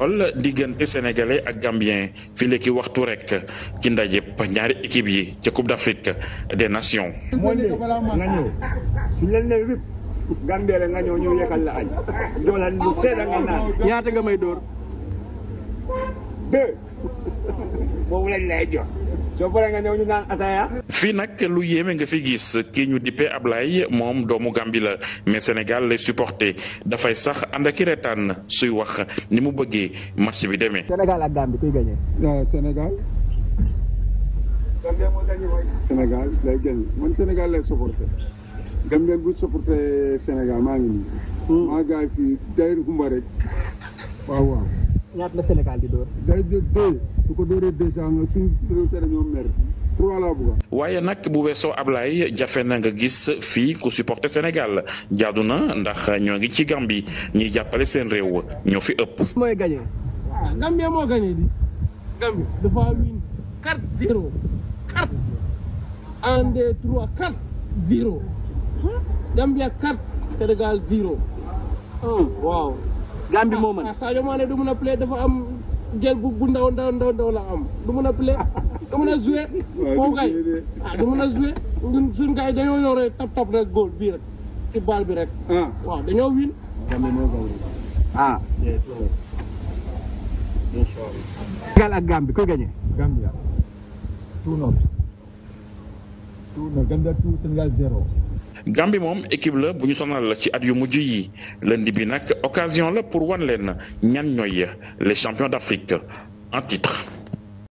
lool diggante sénégalais ak gambien fii léegi waxtu rek ci ndaje ñaari équipe yi ca Coupe d'Afrique des Nations. moo dee nga ñëw su leen ne rip Gambie rek nga ñëw ñëw yekkal la añ ñaata nga may dóor. boobu lañ lay jox. soo paree nga ñëw ñu naan ataaya. fii nag lu yéeme nga fi gis kii ñu dippee Ablaye moom doomu Gambie la mais Sénégal lay supporté dafay sax ànd ak i reetaan suy wax ni mu bëggee marché bi demee. Sénégal ak Gambie kuy gagné. Euh, Sénégal. maa ngi nii. Hmm. maa ngi fii Dayir Kumba rek waaw waaw. ñaata la waaye nag bu weesoo Ablaye jafe na nga gis fii ku supporter Sénégal jaadu na ndax ñoo ngi ci Gambie ñuy jàppale seen réew ñoo fi ëpp. mooy gagné waaw ah, Gambie moo gagné di Gambie dafa win 4 0 4 1 2 3 4 Gambie 4 Sénégal 0 waaw. Gambie moo mën. ah, ah Sadio Mané du mun a play dafa am jël bu ndaw ndaw ndaw ndaw la am du mun a play du mun a jouer. moom kay ah, du mun a jouer ñun suñu dañoo yore tap tap rek góol bii rek si bal bi rek. Ah. waaw dañoo win. Gambie ak Gambie kuy gagné. Gambie tout nord. tout nord Gambie tout Sénégal zéro. Gambie moom équipe la bu ñu sonal la ci at yu mujj yi lundi bi nag occasion la pour wan leen ñan ñooy les champions d'Afrique en titre.